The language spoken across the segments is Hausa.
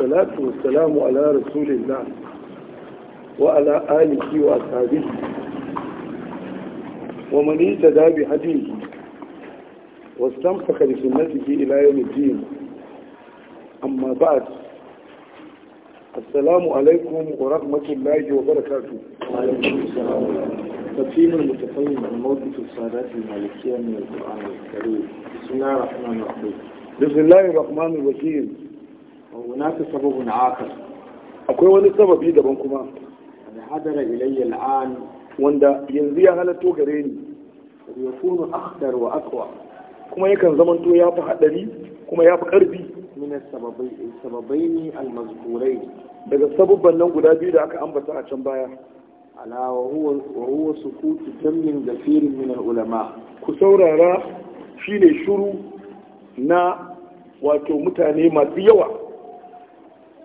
الصلاة والسلام على رسول الله وعلى آله وأصحابه ومن اهتدى بهديه واستنفخ بسنته إلى يوم الدين أما بعد السلام عليكم ورحمة الله وبركاته وعليكم السلام تقييم المتقيم عن موقف السادات المالكية من القرآن الكريم بسم الله الرحمن الرحيم بسم الله الرحمن الرحيم hunaka sababun akar akwai wani sababi daban kuma da hadara ilayya al'an wanda yanzu ya halatto gare ni yakunu akhdar wa aqwa kuma yakan zamanto ya fi hadari kuma ya fi karfi min sababai sababaini al-mazkurai daga sababban nan guda biyu da aka ambata a can baya ala wa huwa sukutu jammin gafirin min al-ulama ku saurara shine shiru na wato mutane masu yawa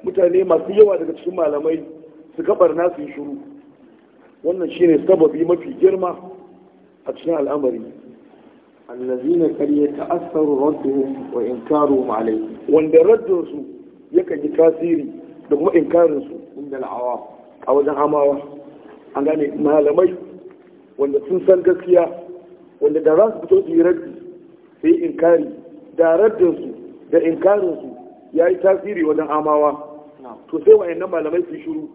mutane masu yawa daga cikin malamai su gabar nasu yi shuru wannan shine sababi mafi girma a cikin al'amari allazina kar ya ta'assaru radduhum wa inkaruhum alayhi wanda raddun su yakan yi tasiri da kuma inkarin su inda al'awa a wajen amawa an gane malamai wanda sun san gaskiya wanda da za su fito su yi raddi sai inkari da raddun da inkarin su ya yi tasiri wajen amawa to sai wa'annan malamai su shiru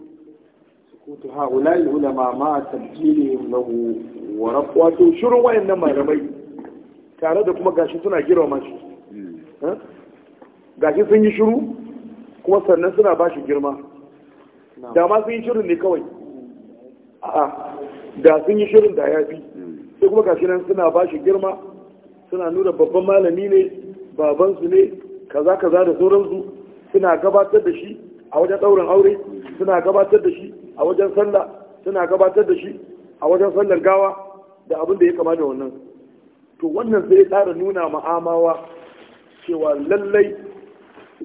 sukutu ulayi ulama ma tabbili lahu wa shuru wa wa'annan malamai tare da kuma gashi suna girma shi hmm. eh? gashi sun yi shiru kuma sannan suna ba shi girma da ma sun yi shirin ne kawai a da sun yi shirin da ya fi hmm. sai kuma gashi nan suna ba shi girma suna nuna babban malami ne babansu ne kaza kaza da sauransu suna gabatar da shi a wajen ɗaurin aure suna gabatar da shi a wajen sallah suna gabatar da shi a wajen sallar gawa da abin da ya kama da wannan to wannan sai ya tsara nuna ma'amawa cewa lallai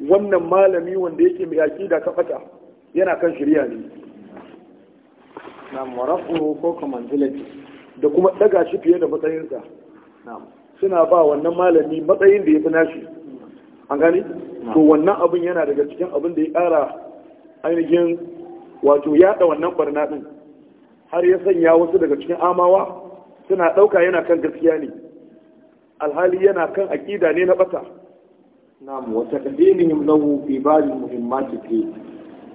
wannan malami wanda yake mai aƙida ka fata yana kan shirya ne na da kuma ɗaga shi fiye da matsayinsa suna ba wannan malami matsayin da ya fi nashi an gane to wannan abin yana daga cikin abin da ya kara ainihin wato yaɗa wannan barna din. har ya sanya wasu daga cikin amawa suna ɗauka yana kan gaskiya ne alhali yana kan aƙida ne na ɓata na'am wa taqdimihim lahu fi ba'd muhimmati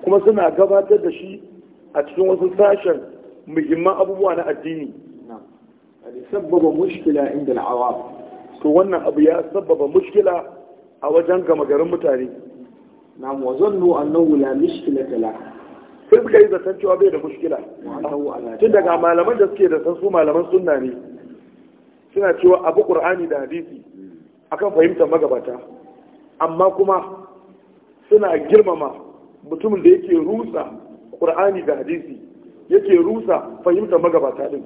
kuma suna gabatar da shi a cikin wasu sashen muhimman abubuwa na addini na'am sababa mushkila inda al'awam to wannan abu ya sabbaba mushkila a wajen gama garin mutane na wa zannu annahu wula mishkila la sai suka yi zaton cewa bai da mushkila tun daga malaman da suke da san su malaman sunna ne suna cewa abu qur'ani da hadisi akan fahimtar magabata amma kuma suna girmama mutumin da yake rusa qur'ani da hadisi yake rusa fahimtar magabata din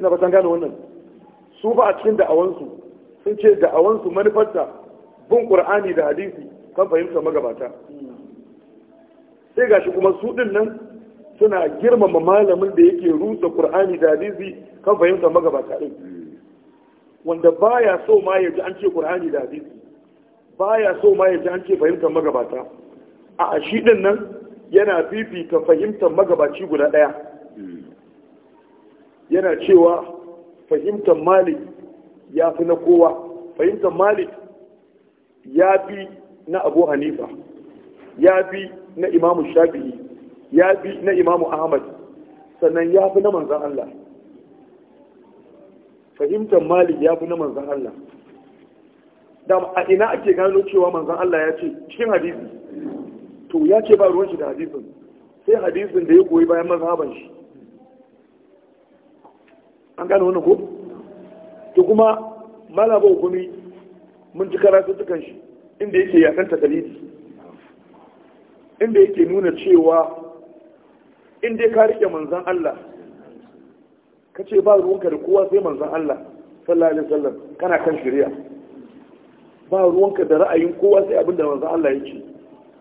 ina ba san gane wannan su ba a cikin da'awansu sun ce da'awansu manufarta bin qur'ani da hadisi kan fahimtar magabata sai gashi kuma su din nan suna girmama malamin da yake rusa qur'ani da hadisi kan fahimtar magabata din wanda baya so ma ya ji an ce qur'ani da hadisi baya so ma ya ji an ce fahimtar magabata a shi din nan yana fifita fahimtar magabaci guda ɗaya. yana cewa fahimtar malik ya fi na kowa fahimtar malik ya bi na abu hanifa ya bi na imamu shafi'i ya bi na imamu ahmad sannan ya fi na manzan Allah fahimtar malik ya fi na manzan Allah da a ina ake gano cewa manzan Allah ya ce cikin hadisi to ya ce ba ruwan shi da hadisin sai hadisin da ya koyi bayan mazhaban shi an gano wani ko to kuma malaba hukumi mun ji karatuttukan shi inda yake yakan takalidi inda yake nuna cewa inda ka rike manzan Allah ka ce ba ruwanka da kowa sai manzan Allah sallallahu alaihi wasallam kana kan shari'a ba ruwanka da ra'ayin kowa sai abin da manzan Allah ya ce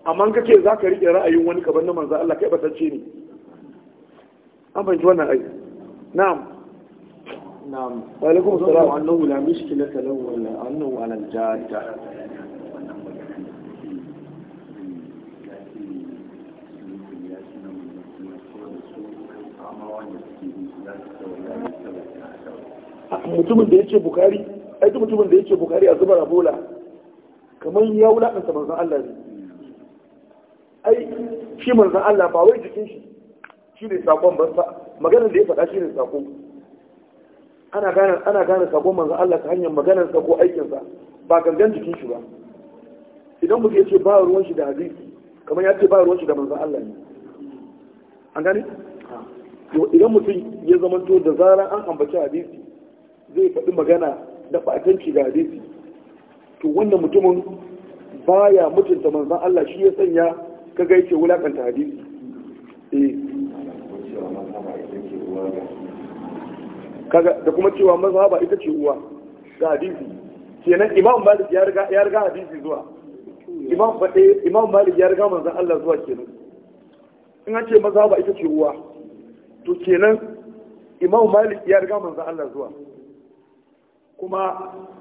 amma ka ce za ka rike ra'ayin wani kaban na manzan Allah kai batacce ne an fahimci wannan aiki na'am na'am wa alaikum salam annahu la mushkilata lahu wala annahu mutumin da ya ce bukari ai duk mutumin da ya ce bukari a zubar abola kamar ya wulakanta manzon Allah ne ai shi manzon Allah ba wai jikin shi shi ne sakon ba maganar da ya faɗa shi ne sakon ana gane ana gane Allah ta hanyar maganar sa ko aikin sa ba gangan jikin shi ba idan mutum ya ce ba ruwan shi da hadisi kamar ya ce ba ruwan shi da manzon Allah ne an gane idan mutum ya to da zarar an ambaci hadisi zai faɗi magana da fatanci ga hadisi to wannan mutumin baya mutunta manzan Allah shi ya sanya ka gaice wulakanta hadisi eh kaga da kuma cewa mazhaba ita ce uwa ga hadisi kenan imam malik ya riga ya riga hadisi zuwa imam fade eh, imam malik ya riga manzon Allah zuwa kenan in an ce mazhaba ita ce uwa to kenan imam malik ya riga manzon Allah zuwa kuma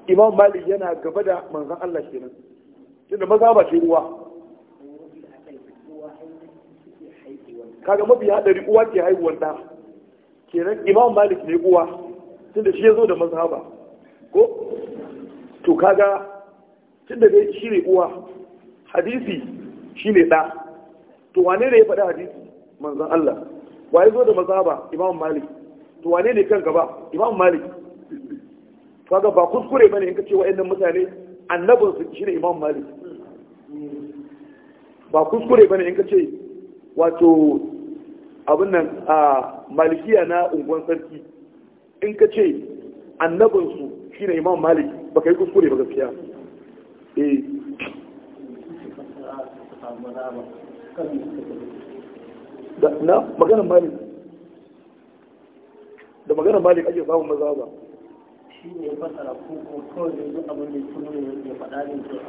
imam malik yana gaba da manzon Allah kenan tunda mazhaba ce uwa kaga mafi hadari uwa ke haihuwar da kenan imam malik ne uwa tunda shi ya zo da mazhaba ko to kaga tunda dai shi ne uwa hadisi shi ne ɗa to wane ne ya faɗi hadisi manzan Allah wa ya zo da mazhaba imam malik to wane ne kan gaba imam malik kaga ba kuskure bane in ka ce wa'annan mutane annabin su ne imam malik ba kuskure bane in ka ce wato abin nan a malikiya na unguwan sarki in ka ce annabinsu shi ne imam malik ba ka yi kuskure ba gaskiya eh. na maganar malik da maganar malik ake samun maza ba shi ne fasara ko kawai abin da ya ne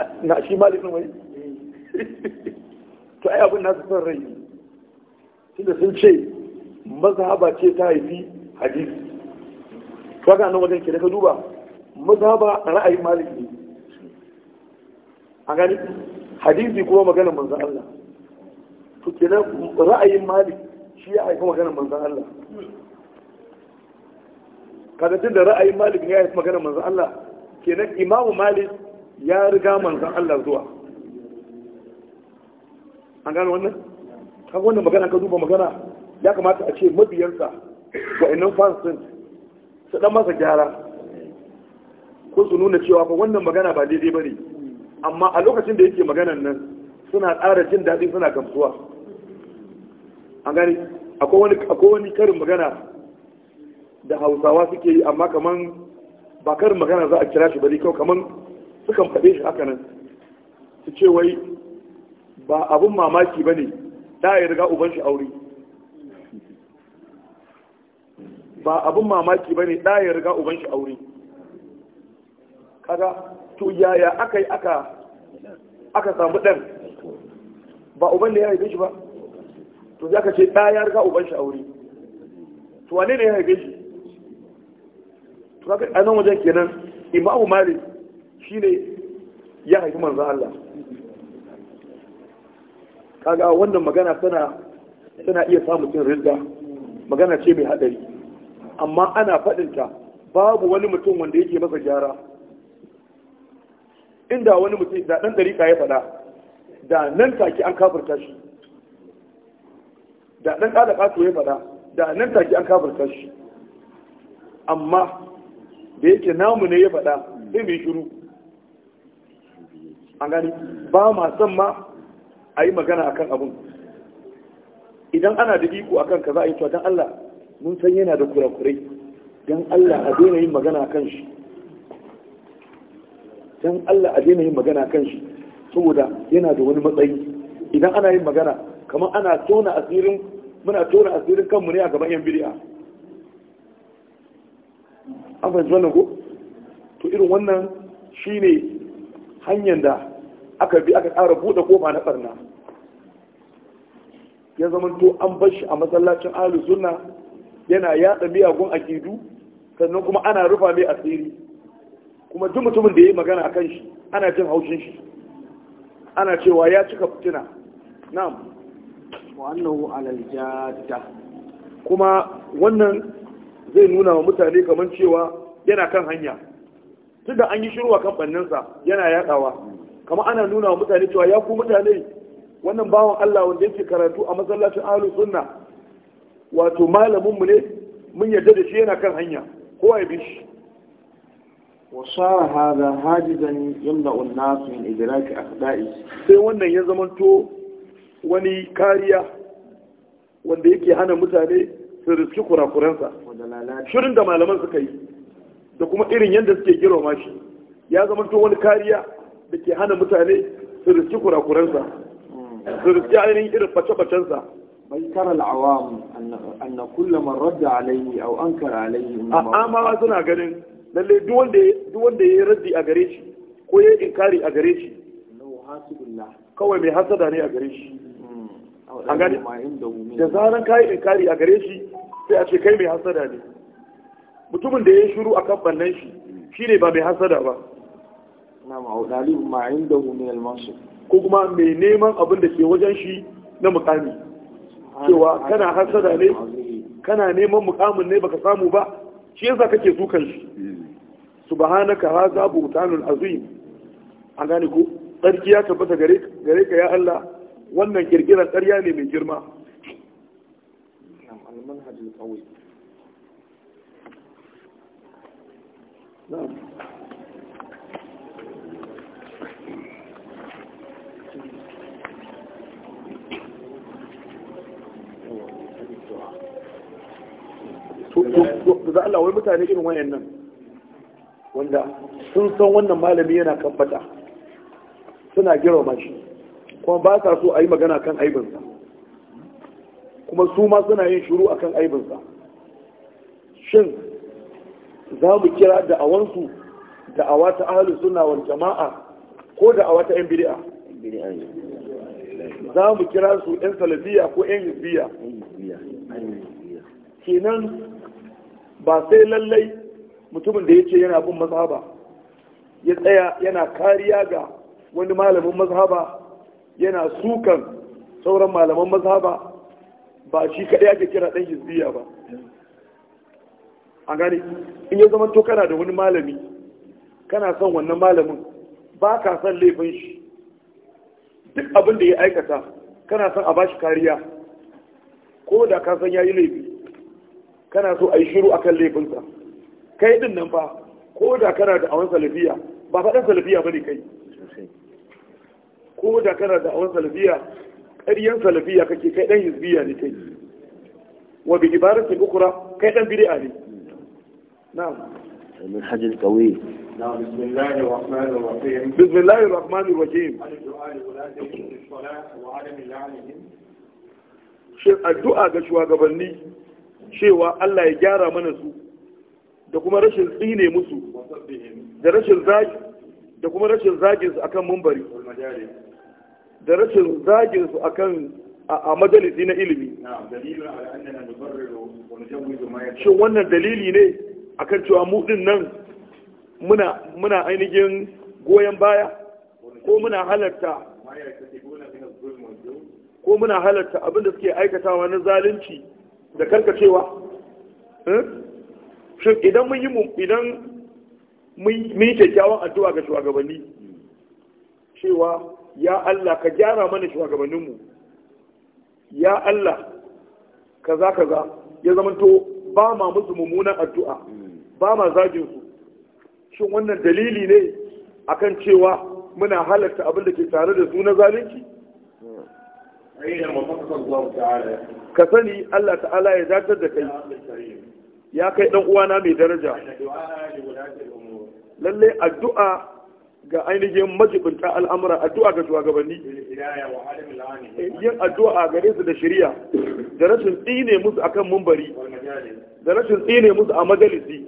a na shi malik ne wai eh. to ai abin su son rai tunda sun ce mazhaba ce ta haifi hadisi kaga nan wajen ke ka duba mazhaba ra'ayin maliki ne a gani hadisi kuma maganar manzan Allah to kenan ra'ayin malik shi ya haifi maganar manzan Allah kaga tun da ra'ayin malik ne ya haifi maganar manzan Allah kenan imamu malik ya riga manzan Allah zuwa an gano wannan kan wannan magana ka duba magana ya kamata a ce mabiyansa wa fans din su dan masa gyara ko su nuna cewa fa wannan magana ba daidai ba ne amma a lokacin da yake maganan nan suna ƙara jin daɗi suna gamsuwa an gani akwai wani karin magana da hausawa suke yi amma kaman ba karin magana za a kira shi ba ne kawai kaman sukan faɗe shi haka nan su ce wai ba abin mamaki ba ne da ya riga uban shi aure ba abun mamaki ba ne da ya riga uban shi aure kaga to yaya aka yi aka aka samu ɗan ba uban da ya haife shi ba to za ce da ya riga uban shi aure to wane ne ya haife shi to kaga a nan wajen kenan imamu malik shine ya haifi manzo Allah kaga wannan magana tana tana iya samun cin rizqa magana ce mai hadari amma ana faɗinta babu wani mutum wanda yake masa gyara inda wani mutum da ɗan dariƙa ya faɗa da nan take an kafirta shi da ɗan ƙada ƙato ya faɗa da nan take an kafirta shi amma da yake namu ne ya faɗa sai mai shiru an gani ba ma san ma a yi magana akan abun idan ana da iko akan ka za a yi to don Allah mun san yana da kurakurai don Allah a daina yin magana kan shi don Allah a daina yin magana kan shi saboda yana da wani matsayi idan ana yin magana kamar ana tona asirin muna tona asirin kanmu ne a gaban yan bid'a an fahimci wannan ko to irin wannan shine hanyar da aka bi aka tsara buɗe koma na ɓarna ya zama to an bar shi a masallacin ahlu sunna yana yaɗa miyagun akidu sannan kuma ana rufa mai asiri kuma duk mutumin da ya yi magana kan shi ana jin haushin shi ana cewa ya cika fitina na'am wannan alal jadda kuma wannan zai nuna wa mutane kamar cewa yana kan hanya tunda an yi shiru kan yana yadawa kamar ana nuna wa mutane cewa ya ku mutane wannan bawan Allah wanda yake karatu a masallacin ahlus sunna wato malamin mu ne mun yarda da shi yana kan hanya kowa ya bi shi wa sara hada hajizan yamna'u an-nas min idraki aqda'i sai wannan ya zamanto wani kariya wanda yake hana mutane su riski kurakuransa shirin da malaman suka yi da kuma irin yadda suke girma shi ya to wani kariya da ke hana mutane su riski kurakuransa su riski ainihin irin bace-bacensa bai kara al'awam anna kulla man radda alaihi aw ankara alaihi amma ba suna ganin lalle duwanda ya yi raddi a gare shi ko ya yi inkari a gare shi kawai mai hasada ne a gare shi hmm. a gani da zaran kayi inkari a gare shi sai a ce kai mai hasada ne mutumin da ya yi a kan bannan shi shine ba mai hasada ba na ma'udali ma indahu min ko kuma mai neman abin da ke wajen shi na mukami cewa kana hasada ne kana neman mukamin ne baka samu ba shi yasa kake dukan shi subhanaka hadha buhtanul azim an gane ko tsarki ya tabbata gare ka ya Allah wannan kirkirar ƙarya ne mai girma to za Allah wai mutane irin wayannan wanda sun san wannan malami yana kambata. suna girma shi kuma ba sa so a yi magana kan aibinsa kuma su ma suna yin shiru a kan aibinsa shin za mu kira da'awansu da'awa ta ahalin suna wal jama'a ko da'awa ta 'yan bidi'a za mu kira su 'yan salafiya ko 'yan hizbiya kenan ba sai lallai mutumin da ya ce yana bin mazhaba ya tsaya yana kariya ga wani malamin mazhaba yana sukan sauran malaman mazhaba ba shi kaɗai ake kira ɗan hizbiya ba a gane in ya zama to kana da wani malami kana son wannan malamin ba ka son laifin shi duk abin da ya aikata kana son a ba shi kariya ko da ka san ya yi laifi kana so a yi shiru a kan laifinsa kai din nan fa ko da kana da awon salafiya ba faɗan salafiya ba ne kai ko da kana da awon salafiya ƙaryan salafiya kake kai ɗan hizbiya ne kai wa bi ibarar ta ukura kai ɗan a ne na'am min hajjin qawi bismillahir rahmanir rahim bismillahir rahmanir rahim shin addu'a ga shugabanni cewa Allah ya gyara mana su da kuma rashin tsine musu da rashin zagi da kuma rashin zagin su akan mumbari da rashin zagin su akan a majalisi na ilimi shin wannan dalili ne akan cewa mu din nan muna muna ainihin goyon baya ko muna halarta ko muna halarta abinda suke aikatawa na zalunci da karkacewa eh? shin idan mun yi idan mun yi kyakkyawan addu'a ga shugabanni cewa ya Allah ka gyara mana shugabanninmu ya Allah kaza kaza ya zamanto ba ma musu mummunan addu'a ba ma zagin su shin wannan dalili ne akan cewa muna halarta abin da ke tare da su na zalunci? ka sani Allah ta'ala ya zartar da kai ya kai dan uwana mai daraja lalle addu'a ga ainihin majibinta al'amura addu'a ga shugabanni yin addu'a gare su da shari'a da rashin tsine musu akan mumbari da rashin tsine musu a majalisi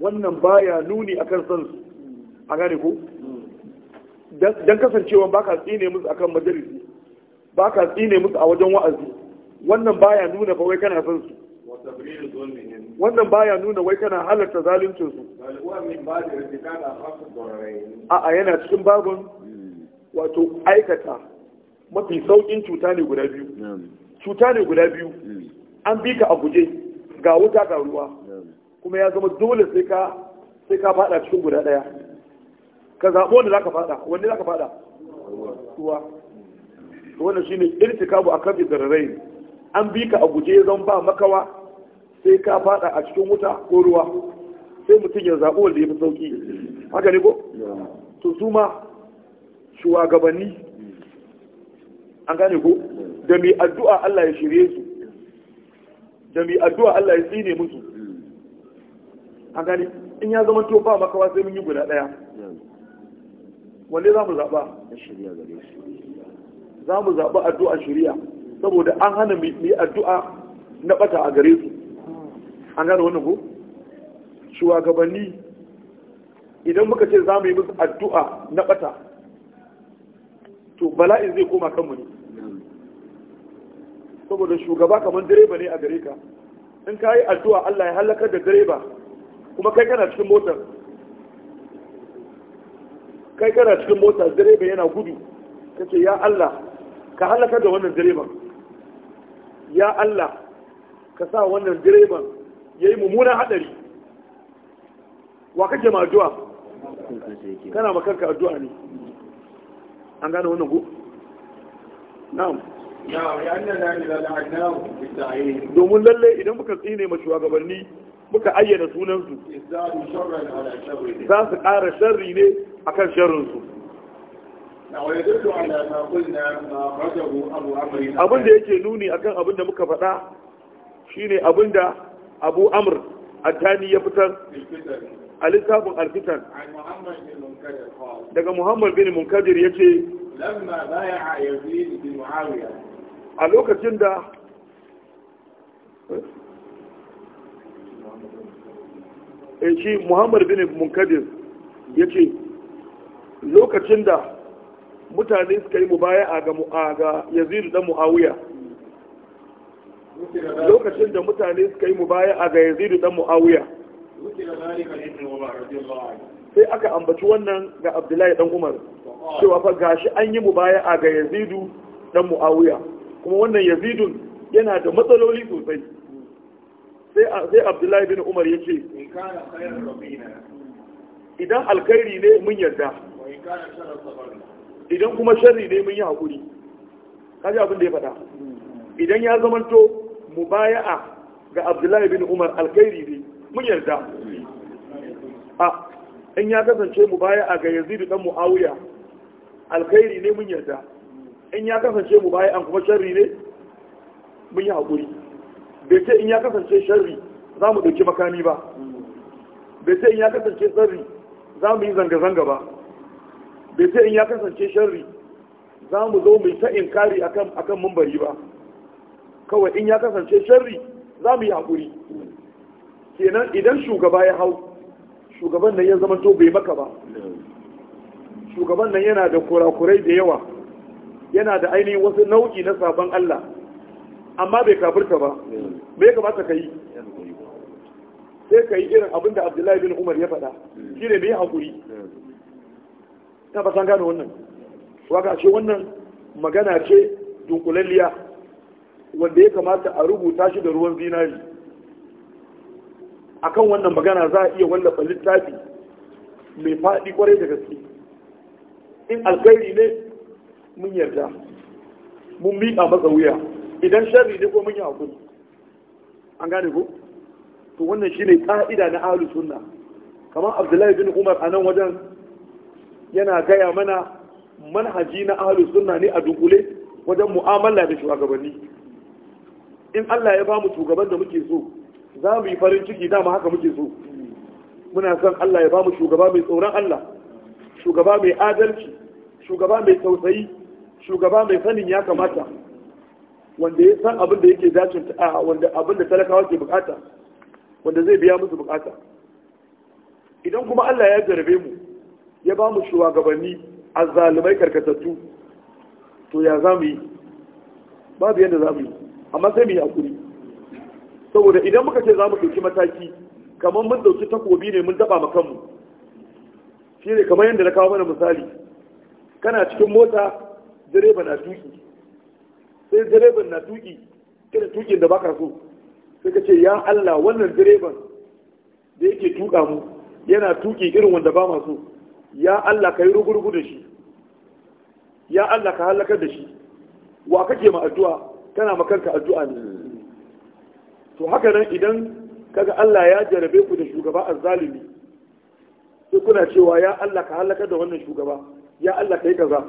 wannan baya nuni akan san su a gane ko dan kasancewa baka tsine musu akan majalisi ba ka tsine musu a wajen wa'azi wannan baya nuna fa wai kana son su wannan baya nuna wai kana halarta zaluncin su a a yana cikin babin wato aikata mafi saukin cuta ne guda biyu cuta ne guda biyu hmm. an bi ka a guje ga wuta ga ruwa kuma ya zama dole sai ka sai ka fada cikin guda daya ka zaɓo wanda za ka fada wanda za ka fada ruwa ne wannan shine irtikabu akan zararai an bi ka a guje zan ba makawa sai ka fada a cikin wuta ko ruwa sai mutum ya zaɓi wanda ya fi sauƙi haka ne ko to su ma shugabanni an gane ko da mai addu'a Allah ya shirye su da mai addu'a Allah ya tsine musu an gane in ya zama to ba makawa sai mun yi guda ɗaya wanda za mu zaɓa za mu zaɓi addu'a shirya saboda an hana mu yi addu'a na ɓata a gare su an gane wani ko shugabanni idan muka ce za mu yi musu addu'a na ɓata to bala'in zai koma kanmu ne saboda shugaba kamar direba ne a gare ka in ka yi addu'a Allah ya hallakar da direba kuma kai kana cikin motar kai kana cikin motar direba yana gudu ka ce ya Allah ka halaka da wannan direban ya Allah ka sa wannan direban ya yi mummunan haɗari wa kake ma addu'a kana ma kanka addu'a ne an gane wannan ku? na'am domin lalle idan muka tsine ma shugabanni muka ayyana sunansu za su ƙara sharri ne akan sharrinsu abin da yake nuni akan abin da muka faɗa shine abin da abu a addani ya fitar a littafin alfitan daga muhammad bin munkadir ya ce a lokacin da eh, shi muhammad bin munkadir ya ce lokacin da mutane suka yi a ga yazidu yazid dan muawiya lokacin da mutane suka yi a ga Yazidu dan muawiya sai aka ambaci wannan ga abdullahi dan umar cewa fa gashi an yi a ga yazidu dan muawiya kuma wannan yazidun yana da matsaloli sosai sai abdullahi bin umar ya ce idan alkhairi ne mun yarda idan kuma sharri ne mun yi haƙuri kaji abin da ya faɗa idan ya zamanto a ga abdullahi bin umar alkhairi ne mun yarda a in ya kasance mu a ga da ɗan mu'awuya alkhairi ne mun yarda in ya kasance mu mubaya'a kuma sharri ne mun yi haƙuri bai ce in ya kasance sharri za mu ɗauki makami ba bai ce in ya kasance sharri za mu yi zanga-zanga ba bai sai in ya kasance sharri za mu zo mai ta inkari akan akan mambari ba kawai in ya kasance sharri za mu yi haƙuri kenan idan shugaba ya hau shugaban nan ya zama to bai maka ba shugaban nan yana da kurakurai da yawa yana da ainihin wasu nau'i na sabon Allah amma bai kafirta ba me kamata ka yi sai ka yi irin abinda Abdullahi bin Umar ya faɗa shi ne mai haƙuri ta ba san gane wannan waka ce wannan magana ce dunkulalliya wanda ya kamata a rubuta shi da ruwan zinari a kan wannan magana za a iya wallafa littafi mai faɗi kwarai da gaske in alkhairi ne mun yarda mun miƙa masa wuya idan sharri ne ko mun yi hakuri an gane ko to wannan shine ƙa'ida na ahlus sunna kamar abdullahi bin umar a nan wajen yana gaya mana manhaji na ahalus sunna ne a dunkule wajen mu'amala da shugabanni in Allah ya bamu mu shugaban da muke so za mu yi farin ciki dama haka muke so muna son Allah ya bamu mu shugaba mai tsoron Allah shugaba mai adalci shugaba mai tausayi shugaba mai sanin ya kamata wanda ya san abin da yake dacin a wanda abin da talakawa ke bukata wanda zai biya musu bukata idan kuma Allah ya jarabe mu ya ba mu shugabanni a azzalumai karkatattu to ya za mu yi babu yadda za mu yi amma sai mu yi hakuri saboda idan muka ce za mu ɗauki mataki kamar mun ɗauki takobi ne mun daba ma kanmu shi ne kamar yadda na kawo mana misali kana cikin mota direba na tuki sai direban na tuki kira tukin da baka so sai ka ce ya Allah wannan direban da yake tuka mu yana tuki irin wanda ba ma so ya Allah ka yi rugurugu da shi ya Allah ka halakar da shi wa kake ma addu'a kana makanka addu'a ne to haka nan idan kaga Allah ya jarabe ku da shugaba azzalimi sai kuna cewa ya Allah ka halakar da wannan shugaba ya Allah ka yi kaza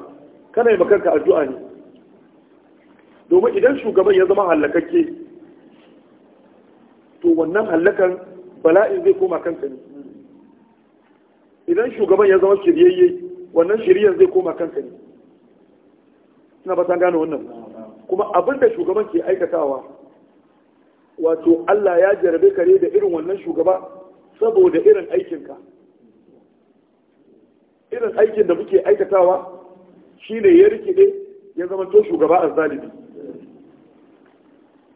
kana yi makanka addu'a ne domin idan shugaban ya zama halakakke to wannan halakan bala'in zai koma kanka ne idan shugaban ya zama shiryayye wannan shiriyar zai koma kanka ne suna ba san gane wannan kuma abin da shugaban ke aikatawa wato Allah ya jarabe kare da irin wannan shugaba saboda irin aikinka irin aikin da muke aikatawa shine ya rikide ya zama to shugaba a zalibi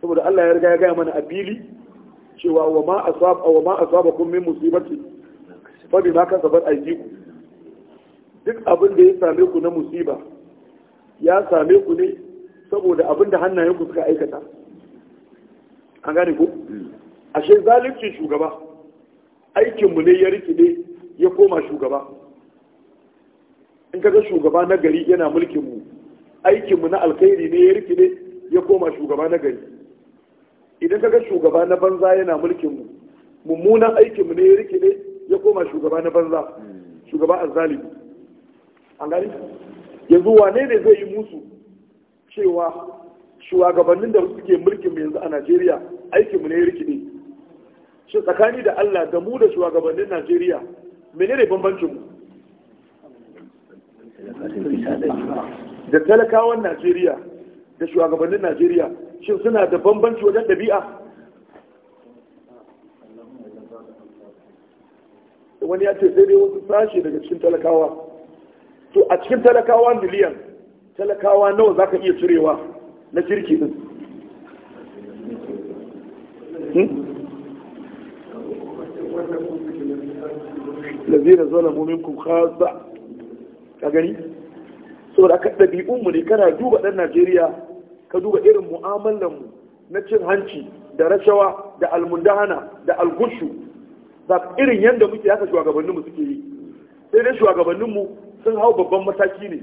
saboda Allah ya riga ya gaya mana a fili cewa wa ma asaba wa ma asabakum min musibati fa kansa bar aiki ku duk abin da ya same ku na musiba ya same ku ne saboda abin da hannayenku suka aikata an gane ku hmm. ashe zalunci shugaba aikinmu ne ya rikide ya koma shugaba in kaga shugaba na gari yana mulkinmu aikinmu na alkhairi ne ya rikide ya koma shugaba na gari idan kaga shugaba na banza yana mulkinmu mummunan aikinmu ne ya rikide ya koma shugaba na banza shugaba azzalimi an gani yanzu wane ne zai yi musu cewa shugabannin da suke mulkin yanzu a Najeriya aikinmu ne ya rikide shi tsakani da Allah da mu da shugabannin Najeriya menene bambancin mu da talakawan Najeriya da shugabannin Najeriya shin suna da bambanci wajen ɗabi'a wani ya ce sai dai wasu sashi daga cikin talakawa to a cikin talakawa miliyan talakawa nawa za ka iya cirewa na kirki din hmm? lazira zola muminkum kasa a gani da aka bi'unmu ne kana duba ɗan najeriya ka duba irin mu'amalanmu na cin hanci da rashawa da almundahana da algushu ba irin yadda muke haka shugabanninmu suke yi sai dai shugabanninmu sun hau babban mataki ne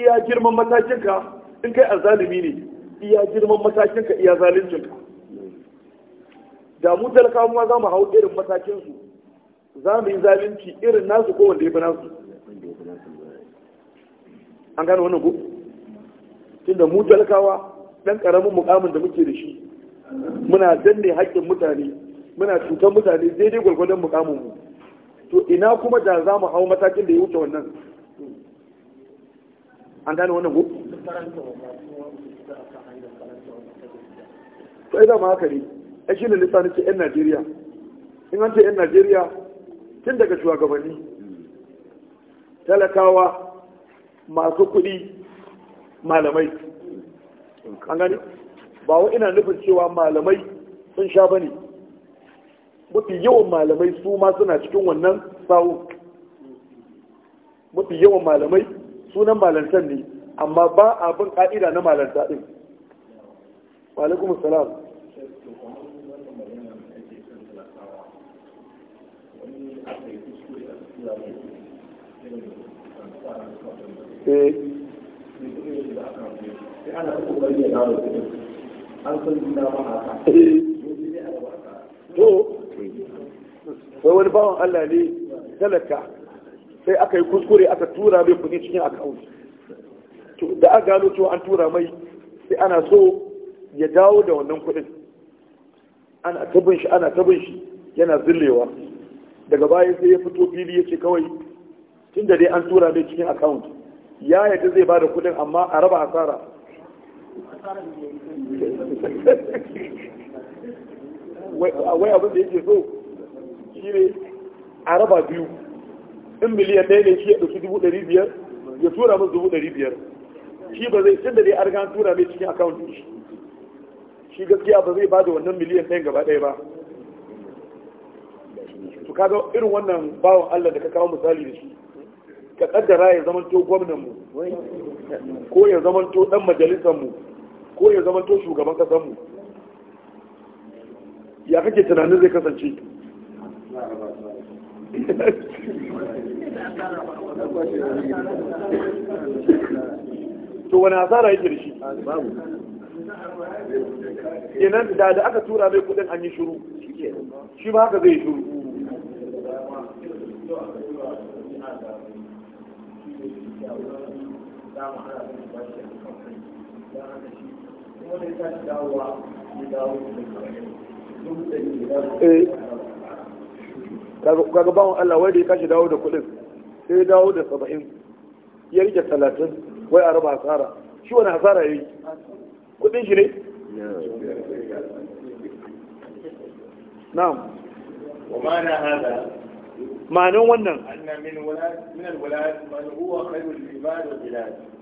iya girman matakinka in kai azalimi ne iya girman matakinka iya zalincinka da mu talakawa ma za mu hau irin matakinsu za mu yi zalinci irin nasu ko wanda ya fi nasu an gane wannan ko tunda mu talakawa dan karamin mukamin da muke da shi muna danne haƙƙin mutane muna cutar mutane daidai gwargwadon mukamin mu to ina kuma da za mu hau matakin da ya wuce wannan an gane wannan ko to ai dama haka ne shi shine lissanin ce yan Najeriya in an ce yan Najeriya tun daga shugabanni talakawa masu kuɗi malamai an gani ba wa ina nufin cewa malamai sun sha bane mafi yawan malamai su ma suna cikin wannan sawu mafi yawan malamai sunan malantar ne amma ba a bin ka'ida na malanta ɗin alaikum salam eh sai wani bawan Allah ne talaka sai aka yi kuskure aka tura mai kuɗi cikin account da aka gano cewa an tura mai sai ana so ya dawo da wannan kuɗin ana tabin shi ana tabin shi yana zillewa daga baya sai ya fito fili ya ce kawai tun da dai an tura mai cikin account ya yadda zai ba da kuɗin amma a raba asara wai abin da yake so shi ne a raba biyu in miliyan ɗaya ne shi ya ɗauki dubu ɗari biyar ya tura min dubu ɗari biyar shi ba zai tun da dai an tura mai cikin akawun shi shi gaskiya ba zai bada wannan miliyan ɗayan gaba ɗaya ba to kaga irin wannan bawan Allah da ka kawo misali da shi ka kaddara ya zamanto gwamnan mu ko ya zamanto dan majalisar mu ko ya zamanto shugaban kasar mu ya kake tunanin zai kasance to wani asara yake da shi da da aka tura mai kudin an yi shuru shi ma haka zai shuru wanda da eh kaga bawon Allah wai da ya kashi dawo da kuɗin sai ya dawo da saba'in ya rike talatin wai a raba hasara shi wani hasara ya yi kuɗin shi ne na'am wa ma'ana hada ma'anan wannan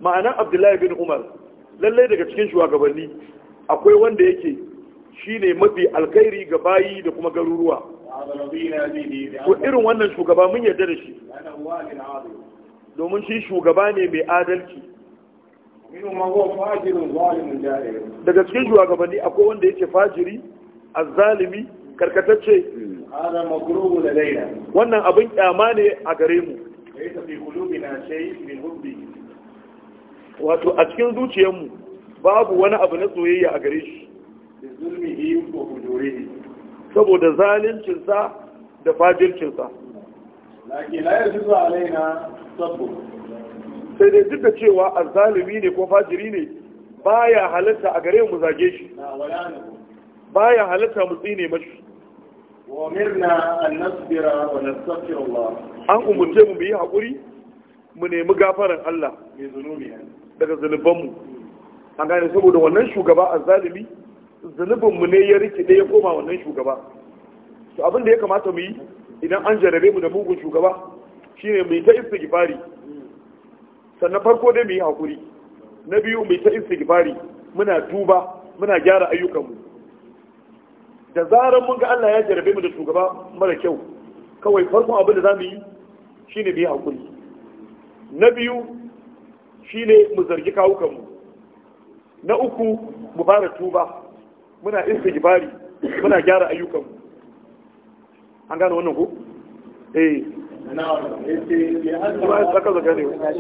ma'anan abdullahi bin umar lallai daga cikin shugabanni akwai wanda yake shine mafi alkhairi ga bayi da kuma garuruwa ko irin wannan shugaba mun yarda da shi domin shi shugaba ne mai adalci daga cikin shugabanni akwai wanda yake fajiri azzalimi karkatacce wannan abin kyama ne a gare mu wato a cikin zuciyarmu babu wani abu na soyayya a gare shi saboda zaluncinsa da fajircinsa sai dai duk da cewa azzalumi ne ko fajiri ne baya halatta a gare mu zage shi baya halatta mu tsine mashi an umurce mu yi haƙuri mu nemi gafaran Allah daga zunubanmu an gane saboda wannan shugaba azzalumi mu ne ya ne ya koma wannan shugaba to abin da ya kamata mu yi idan an jarabe mu da mugun shugaba shine mu yi ta istighfari sannan farko dai mu yi hakuri na biyu mu yi ta istighfari muna tuba muna gyara ayyukanmu da zarar mun ga Allah ya jarabe mu da shugaba mara kyau kawai farkon abin da za mu yi shine mu yi hakuri na biyu shine mu zargi kawukanmu na uku mu fara tuba muna istighfari muna gyara ayyukan an gane wannan ko eh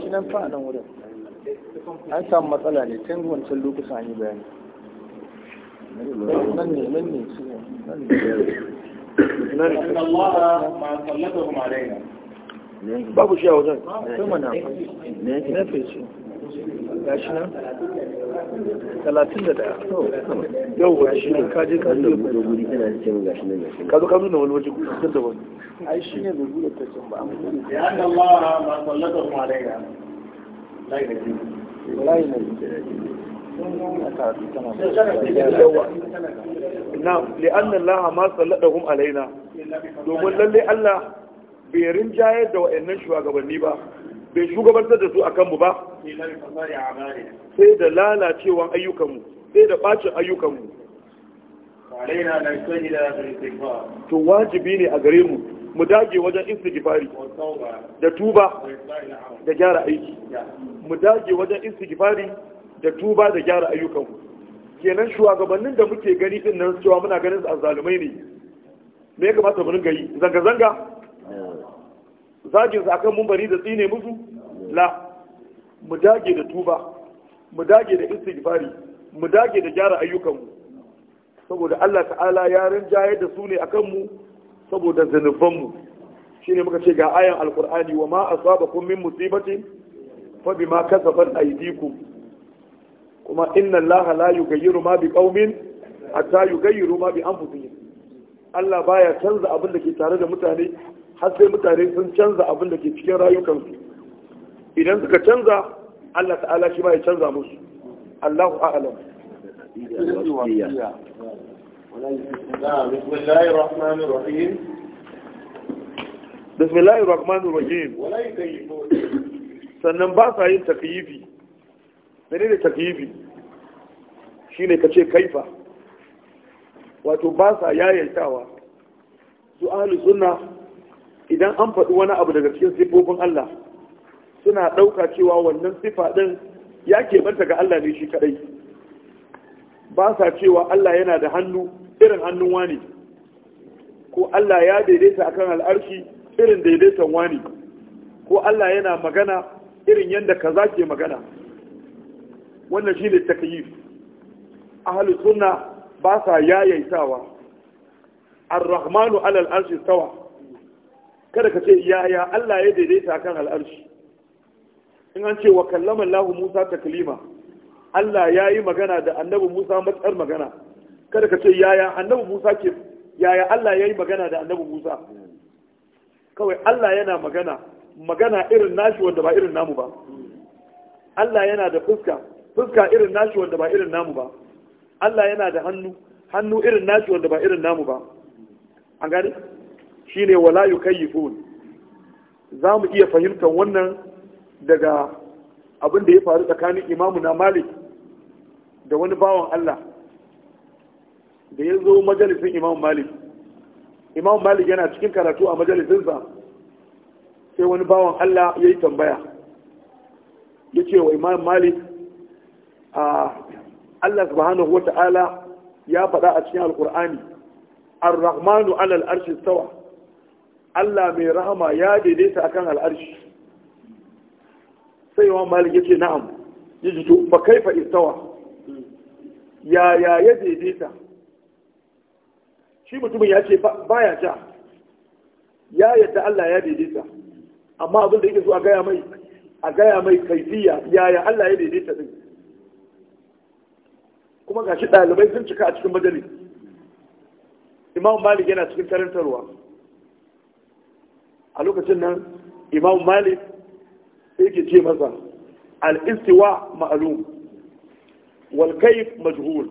shi nan fa nan wurin an samu matsala ne tun wancan lokacin an yi bayani nan ne nan ne nan ne babu shi a wajen ne ne fi gashi nan talatin da daya yau kaje ka zo da guri kana gashi wani waje da wani ai shi ne ba ya ne ma alaina domin lalle Allah bai rinjaye da wa'annan shugabanni ba bai shugabantar da su a kanmu ba sai da lalacewan ayyukanmu sai da bacin ayyukanmu to wajibi ne a gare mu mu dage wajen istigifari da tuba da gyara aiki mu dage wajen istigifari da tuba da gyara ayyukanmu kenan shugabannin da muke gani din nan cewa muna ganin su azzalumai ne me ya kamata mu ringa yi zanga zanga zagin su akan mumbari da tsine musu la mu dage da tuba mu dage da istighfari mu dage da gyara ayyukanmu saboda Allah ta'ala ya rinja yadda su ne akan mu saboda mu shine muka ce ga ayan alqur'ani wa ma asabakum min musibatin fa bima kasabat aydikum kuma inna Allah la yughayyiru ma biqaumin hatta yughayyiru ma bi anfusihim Allah baya canza abin da ke tare da mutane har sai mutane sun canza abin da ke cikin rayukansu idan suka canza Allah ta'ala shi ma ya canza musu Allahu a'lam bismillahir rahmanir rahim sannan ba sa yin takyifi menene takyifi shine kace kaifa wato ba sa yayantawa su ahli sunna idan an faɗi wani abu daga cikin siffofin Allah suna ɗauka cewa wannan sifa ɗin ya keɓanta ga Allah ne shi kaɗai ba sa cewa Allah yana da hannu irin hannun wani ko Allah ya daidaita akan al'arshi irin daidaitan wani ko Allah yana magana irin yadda kaza ke magana wannan shi ne takyif A sunna ba sa yayaitawa ar-rahmanu alal arshi kada ka ce yaya Allah ya daidaita kan al'arshi in an ce wa kallama Allah Musa taklima Allah ya yi magana da annabi Musa matsar magana kada ka ce yaya annabi Musa ke yaya Allah ya yi magana da annabi Musa kawai Allah yana magana magana irin nashi wanda ba irin namu ba Allah yana da fuska fuska irin nashi wanda ba irin namu ba Allah yana da hannu hannu irin nashi wanda ba irin namu ba an gani shine wala yukayifun za mu iya fahimtar wannan daga abin da ya faru tsakanin imamu na malik da wani bawan Allah da ya zo majalisin imamu malik imamu malik yana cikin karatu a majalisinsa sai wani bawan Allah ya yi tambaya ya ce wa imamu malik a Allah subhanahu wata'ala ya faɗa a cikin alkur'ani ar-rahmanu alal arshi stawa Allah mai rahama ya daidaita akan al'arshi sai yawan malik yake na'am ya jito ba kaifa istawa ya ya ya daidaita shi mutumin ya ce baya ja ya yadda Allah ya daidaita amma abin da yake so a gaya mai a gaya mai kaifiya yaya Allah ya daidaita din kuma gashi ɗalibai sun cika a cikin majalis imam malik yana cikin karantarwa a lokacin nan imam malik yake ce masa al-istiwa ma'lum wal kayf majhul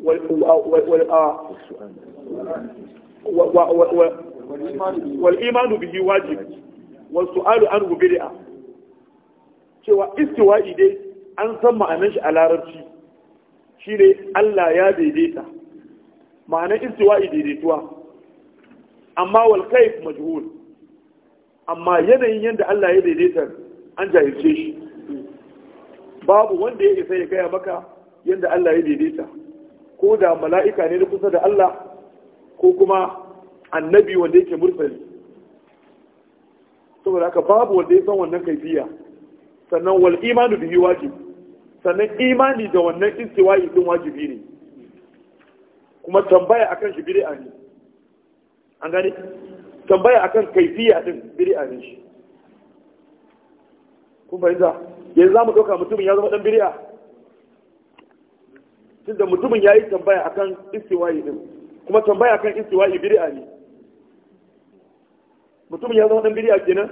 wal ah, imanu bihi wajib wal an anhu bid'a cewa istiwa ide an san ma'anar shi a larabci shine Allah ya daidaita ma'anar istiwa'i daidaituwa amma wal kayf majhul amma yanayin yadda Allah ya daidaita an jahilce shi babu wanda ya isa ya gaya maka yadda Allah ya daidaita ko da mala'ika ne na kusa da Allah ko kuma annabi wanda yake mursali saboda haka babu wanda ya san wannan kaifiya sannan wal imanu bihi wajib sannan imani da wannan istiwa'i din wajibi ne kuma tambaya akan shi bid'a ne an gani tambaya akan kaifiya din bid'a ne shi kun fahimta yanzu za mu ɗauka mutumin ya zama ɗan bid'a tunda mutumin ya yi tambaya akan istiwa'i din kuma tambaya akan istiwa'i bid'a ne mutumin ya zama ɗan bid'a kenan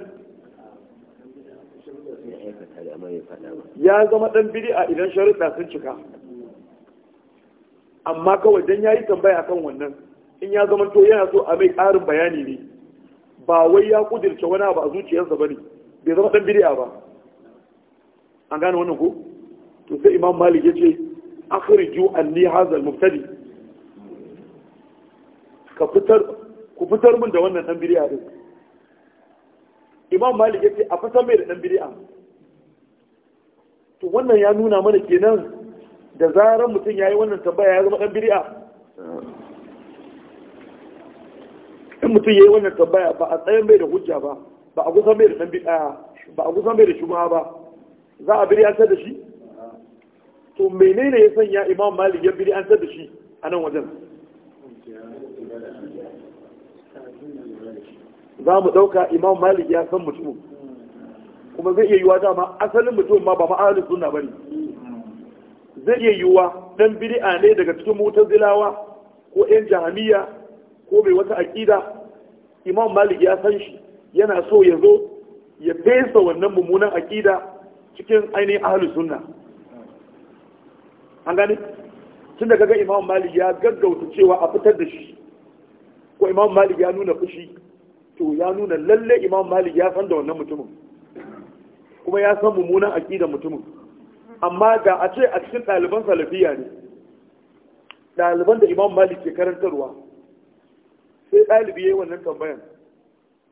ya zama ɗan bid'a idan sharuɗa sun cika amma kawai dan ya yi tambaya akan wannan in ya zama to yana so a mai ƙarin bayani ne ba wai ya kudirce wani abu a zuciyarsa ba ne bai zama ɗan bidiya ba an gane wannan ko to sai imam malik ya ce akhriju anni hadha al-mubtadi ka fitar ku fitar min da wannan ɗan bidiya din imam malik ya ce a fitar mai da ɗan bidiya to wannan ya nuna mana kenan da zarar mutum ya yi wannan tambaya ya zama ɗan bidiya in mutum ya yi wannan tambaya ba a tsayan mai da hujja ba ba a kusan mai da tambi daya ba a kusan mai da shuma ba za a biri bid'antar da shi to menene ya sanya imam malik ya bid'antar da shi a nan wajen za mu ɗauka imam malik ya san mutum kuma zai iya yiwa dama asalin mutum ma ba ma'alin suna ba ne zai iya yiwa biri a ne daga cikin mutan zilawa ko 'yan jahamiya ko mai wata aƙida imam malik ya san shi yana so ya zo ya fesa wannan mummunan aƙida cikin ainihin ahalus sunna an gani tun da kaga imam malik ya gaggauta cewa a fitar da shi ko imam malik ya nuna fushi to ya nuna lalle imam malik ya san da wannan mutumin kuma ya san mummunan aƙidan mutumin amma ga a ce a cikin ɗaliban salafiya ne ɗaliban da imam malik ke karantarwa sai ɗalibi ya yi wannan tambayan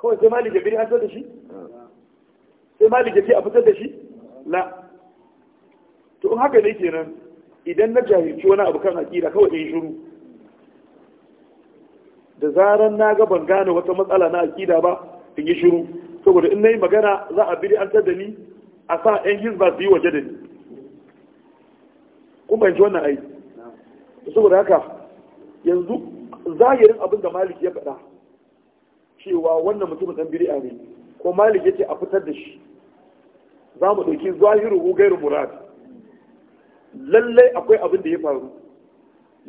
kawai sai malik jabiri an da shi sai malik jabiri a fitar da shi la to in haka ne kenan idan na jahilci wani abu kan aƙida kawai in shiru da zaran na ga ban gane wata matsala na aƙida ba in yi shiru saboda in na yi magana za a biri an da ni a sa 'yan hizba su yi waje da ni in ji wannan aiki saboda haka yanzu zahirin abin da malik ya faɗa cewa wannan mutumin ɗan biri'a ne ko malik ya a fitar da shi za mu ɗauki zahiru gairu murad lallai akwai abin da ya faru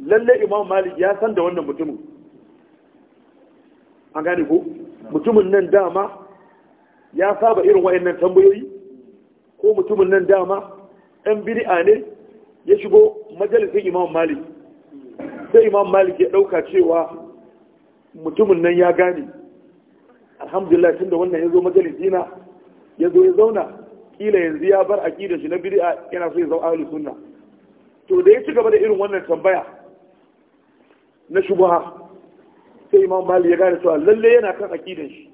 lallai imam malik ya san da wannan mutumin an gane ko mutumin nan dama ya saba irin wayannan tambayoyi ko mutumin nan dama ɗan biri'a ne ya shigo majalisin imam malik sai imam malik ya ɗauka cewa mutumin nan ya gane alhamdulillah tun da wannan ya zo majalisina ya zo ya zauna kila yanzu ya bar aƙidar shi na bid'a yana so ya zau ahli sunna to da ya ci gaba da irin wannan tambaya na shubha sai imam malik ya gane cewa lalle yana kan aƙidar shi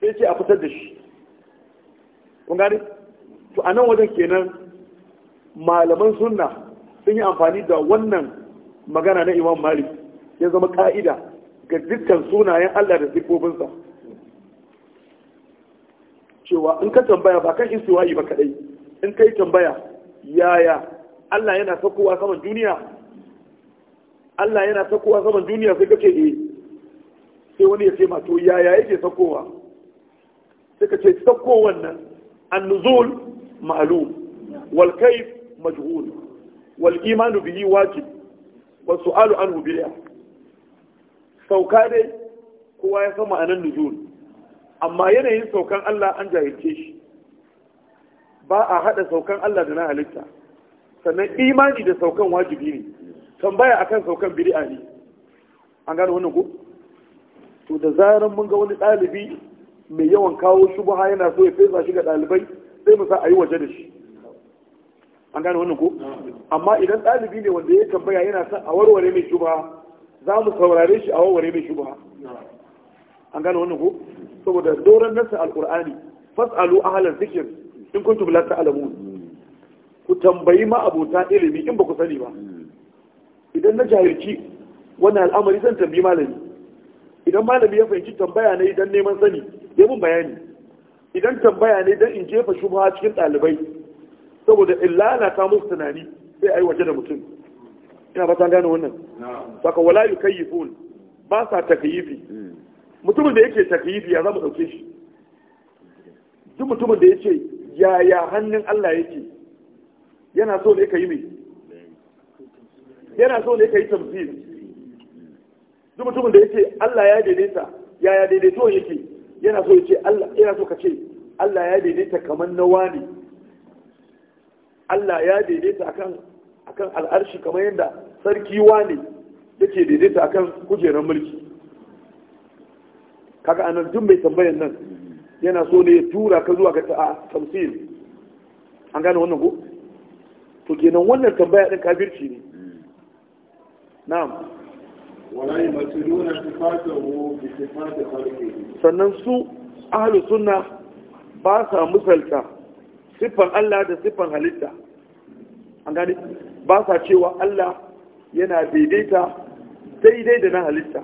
sai ce a fitar da shi kun gane to a nan wajen kenan malaman sunna sun yi amfani da wannan magana na imam malik ya zama ka'ida ga dukkan sunayen allah da sifofinsa cewa in ka tambaya ba kan istiwa'i ba kadai in ka yi tambaya yaya allah yana sakowa saman duniya allah yana sakowa saman duniya sai kake ne eh. sai wani ya ce ma to yaya yake sakowa sai ka ce sakowan nan nuzul ma'lum wal kayf majhul wal imanu bihi wajib wa su'alu anhu bid'a sauka dai kowa ya san ma'anar nuzul amma yanayin saukan Allah an jahilce shi ba a hada saukan Allah da na halitta sannan imani da saukan wajibi ne tambaya akan saukan bid'a ne an gano wannan ko to da zarar mun ga wani ɗalibi mai yawan kawo shubha yana so ya fesa shi ga ɗalibai sai mu sa a yi waje da shi an gane wannan ko amma idan ɗalibi ne wanda ya tambaya yana son a warware mai shuba za mu saurare shi a warware mai shuba an gane wannan ko saboda doron nasa alkur'ani fasalu ahlan zikir in kuntum la ta'lamun ku tambayi ma abota ilimi in ba ku sani ba idan na jahilci wannan al'amari zan tambayi malami idan malami ya fahimci tambaya ne idan neman sani ya mun bayani idan tambaya ne dan in jefa shubha cikin ɗalibai saboda na ta musu tunani sai a yi waje da mutum ina ba ta gane wannan saka wala yi kai ba sa takayifi mutumin da yake takayifi ya zama ɗauke shi duk mutumin da yake yaya hannun Allah yake yana so ne ka yi mai yana so ne ka yi tamfir duk mutumin da yake Allah ya daidaita yaya daidaito yake yana so ya ce Allah yana so ka ce Allah ya daidaita kamar na wani Allah ya daidaita akan akan al'arshi kamar yadda sarki wane yake daidaita akan kujerar mulki kaga anan duk mai tambayan nan yana so ne ya tura ka zuwa ga tamsil an gane wannan ko to kenan wannan tambaya din kafirci ne na'am wala yumathiluna sifatahu bi sifati khalqihi sannan su ahlu sunna ba sa musalta siffan Allah da siffan halitta an gani ba sa cewa Allah yana daidaita daidai da na halitta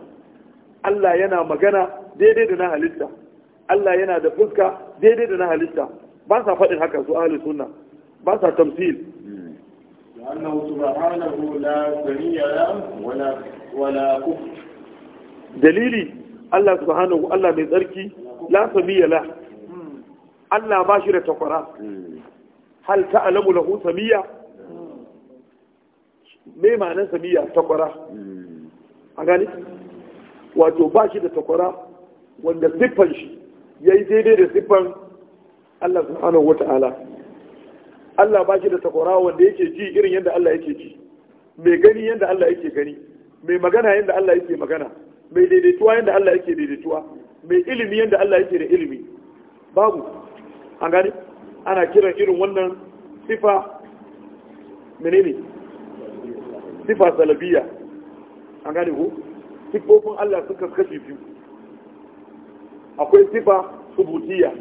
Allah yana magana daidai da na halitta Allah yana da fuska daidai da na halitta ba sa faɗin haka su ahlus sunna ba sa tamsil dalili Allah subhanahu Allah mai tsarki la samiyya la Allah ba shi da takwara hal alamu lahu samiya me ma'anar samiya takwara a gani wato ba shi da takwara wanda siffan shi ya yi daidai da siffan Allah subhanahu wa ta'ala Allah ba shi da takwara wanda yake ji irin yadda Allah yake ji mai gani yadda Allah yake gani mai magana yadda Allah yake magana mai daidaituwa yadda Allah yake daidaituwa mai ilimi yadda Allah yake da ilimi babu an gani ana kiran irin wannan sifa menene sifa salabiya an gani ko sifofin Allah suka kashe biyu akwai sifa subutiya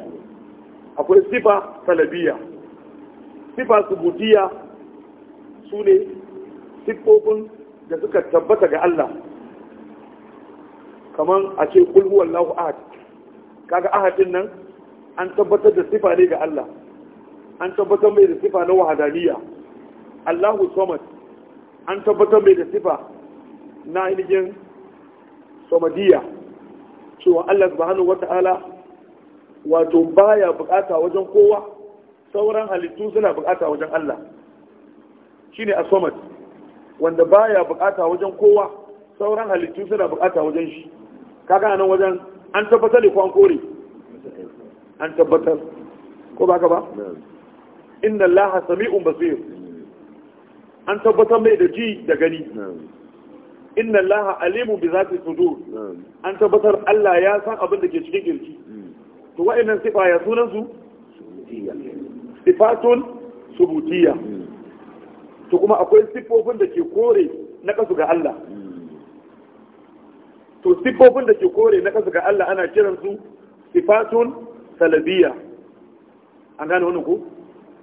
akwai sifa salabiya sifa subutiya su ne sifofin da suka tabbata ga Allah kamar a ce kulhuwallahu ahad kaga ahadin nan an tabbatar da sifa ne ga Allah an tabbatar mai da sifa na wahadaniya Allahu samad an tabbatar mai da sifa na ainihin somadiya cewa Allah subhanahu wata'ala wato baya bukata wajen kowa sauran halittu suna bukata wajen Allah shine as-samad wanda baya bukata wajen kowa sauran halittu suna bukata wajen shi kaga nan wajen an tabbatar da ko an kore an tabbatar ko ba ka ba inna allaha sami'un basir mm. an tabbatar mai da ji da gani inna allaha alimu bi zati sudur an tabbatar Allah ya san abin da ke cikin kirji mm. to wa'annan sifa ya sunan su sifatun subutiyya mm. to kuma akwai sifofin da ke kore na kasu ga Allah to sifofin da ke kore na kasu ga Allah ana kiran su sifatun salabiya an gane wani ku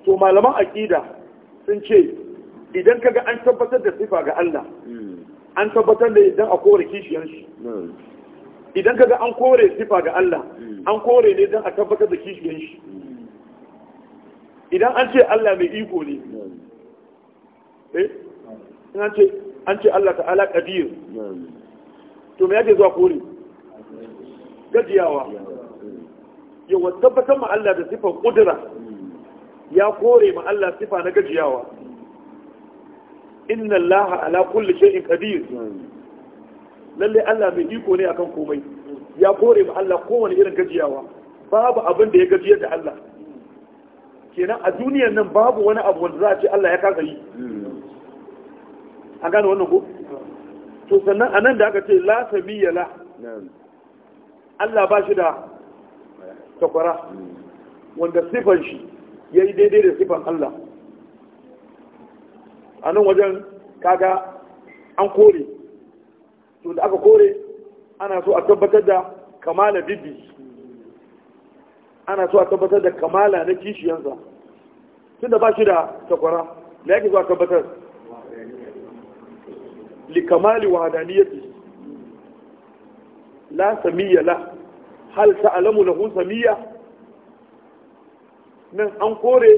to malaman aƙida sun ce idan kaga an tabbatar da sifa ga Allah hmm. an tabbatar da idan a kore kishiyar shi hmm. idan kaga an kore sifa ga Allah hmm. an kore ne don a tabbatar da kishiyar shi idan an ce Allah mai iko ne eh an ce Allah ta'ala qadir to me yake zuwa kore gajiyawa yawa tabbatar ma Allah da sifar kudura ya kore ma Allah sifa na gajiyawa inna Allah ala kulli shay'in qadir lalle Allah mai iko ne akan komai ya kore ma Allah kowane irin gajiyawa babu abin da ya gajiyar da Allah kenan a duniyar nan babu wani abu wanda za a ce Allah ya kasa yi A gane wannan ko to sannan anan da aka ce la sabiyala Allah ba shi da takwara wanda sifan shi ya yi daidai da sifan Allah a nan wajen kaga an kore to da aka kore ana so a tabbatar da kamala bibi ana so a tabbatar da kamala na kishiyansa tun da ba shi da takwara da yake so a tabbatar likamali wahadaniyati la samiyya la hal ta'lamu lahu samiya nan an kore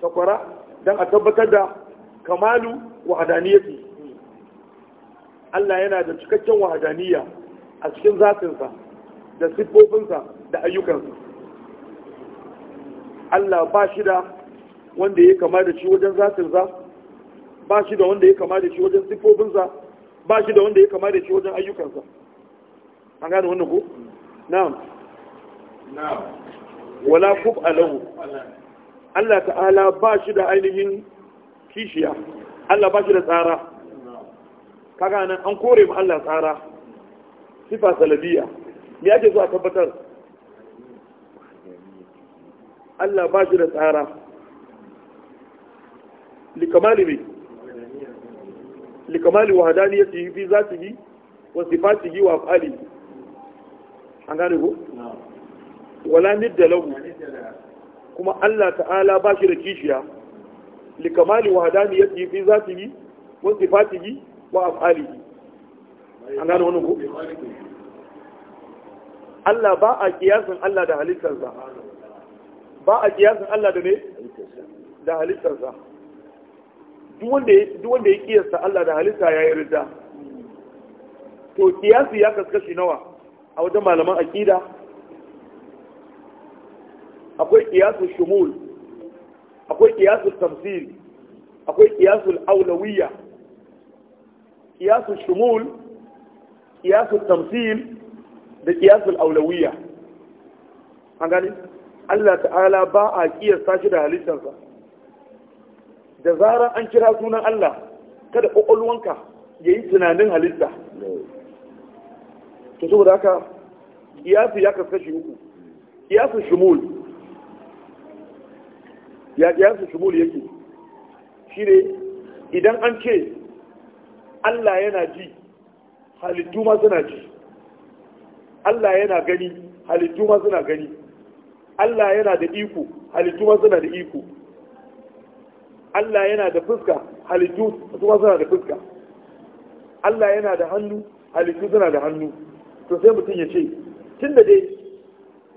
takwara dan a tabbatar da kamalu wahadaniyati Allah yana da cikakken wahadaniya a cikin zatinsa da siffofinsa da ayyukansa Allah ba shi da wanda ya kama da shi wajen zatinsa ba shi da wanda ya kama da shi wajen siffofinsa ba shi da wanda ya kama da shi wajen ayyukansa an gane wannan ko? na'am na'am wala kuf alahu Allah ta'ala ba shi da ainihin kishiya Allah ba shi da tsara kaga nan an kore mu Allah tsara sifa salabiya me yake zuwa tabbatar Allah ba shi da tsara likamali bi likamali wahadaniyatihi fi zatihi wa sifatihi wa af'alihi an gane ku? wala nidda lahu kuma Allah ta'ala ba shi da kishiya likamali wa hadaniyati fi zatihi wa sifatihi wa af'alihi an gane wannan ku? Allah ba a kiyasin Allah da halittarsa ba a kiyasin Allah da ne da halittarsa duk wanda ya kiyasta Allah da halitta ya yi rida to kiyasi ya kaskashi nawa a wajen malaman aƙida akwai ƙiyasul shumul akwai ƙiyasul tamsil akwai ƙiyasul aulawiya. ƙiyasul shumul ƙiyasul tamsil da ƙiyasul aulawiya. an gani Allah ta'ala ba a ƙiyasta shi da halittarsa da zarar an kira sunan Allah kada ƙwaƙwalwanka ya yi tunanin halitta to saboda haka kiyasi ya kaskashi uku kiyasin shumul ya kiyasin shumul yake shi ne idan an ce Allah yana ji halittu ma suna ji Allah yana gani halittu ma suna gani Allah yana da iko halittu ma suna da iko Allah yana da fuska halittu ma suna da fuska Allah yana da hannu halittu suna da hannu to sai mutum ya ce tun da dai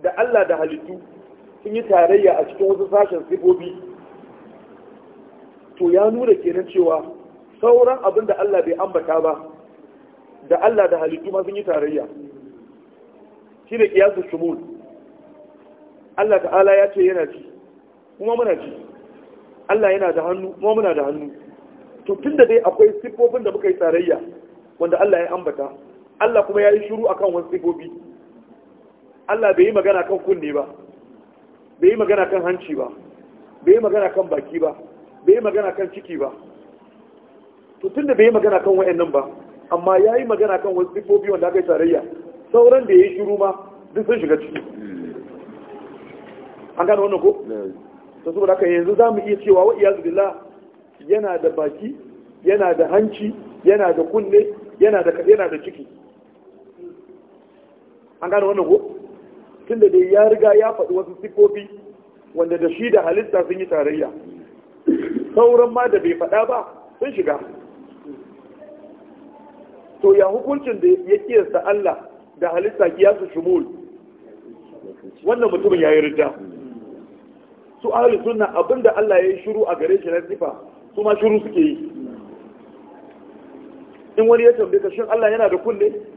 da Allah da halittu sun yi tarayya a cikin wasu sashen sifofi to ya nuna kenan cewa sauran abin da Allah bai ambata ba da Allah da halittu ma sun yi tarayya shi da kiyasu shumul Allah ta'ala ya ce yana ci kuma muna ci Allah yana da hannu kuma muna da hannu to tun da dai akwai sifofin da muka yi tarayya wanda Allah ya ambata Allah kuma ya yi shiru kan wasu sifofi Allah bai yi magana kan kunne ba bai yi magana kan hanci ba bai yi magana kan baki ba bai yi magana kan ciki ba to tunda bai yi magana kan wayannan ba amma ya yi magana kan wasu sifofi wanda aka yi tarayya sauran da ya yi shiru ma duk sun shiga ciki an gano wannan ko to saboda haka yanzu za mu iya cewa wa iyazu billah yana da baki yana da hanci yana da kunne yana da yana da ciki an gane wannan ko tun da dai ya riga ya faɗi wasu sifofi wanda da shi da halitta sun yi tarayya sauran ma da bai faɗa ba sun shiga to ya hukuncin da ya kiyasta Allah da halitta kiyasu shumul wannan mutumin ya yi rida su ahli sunna abinda Allah ya yi shiru a gare shi na sifa su ma shiru suke yi in wani ya tambaye ka shin Allah yana da kunne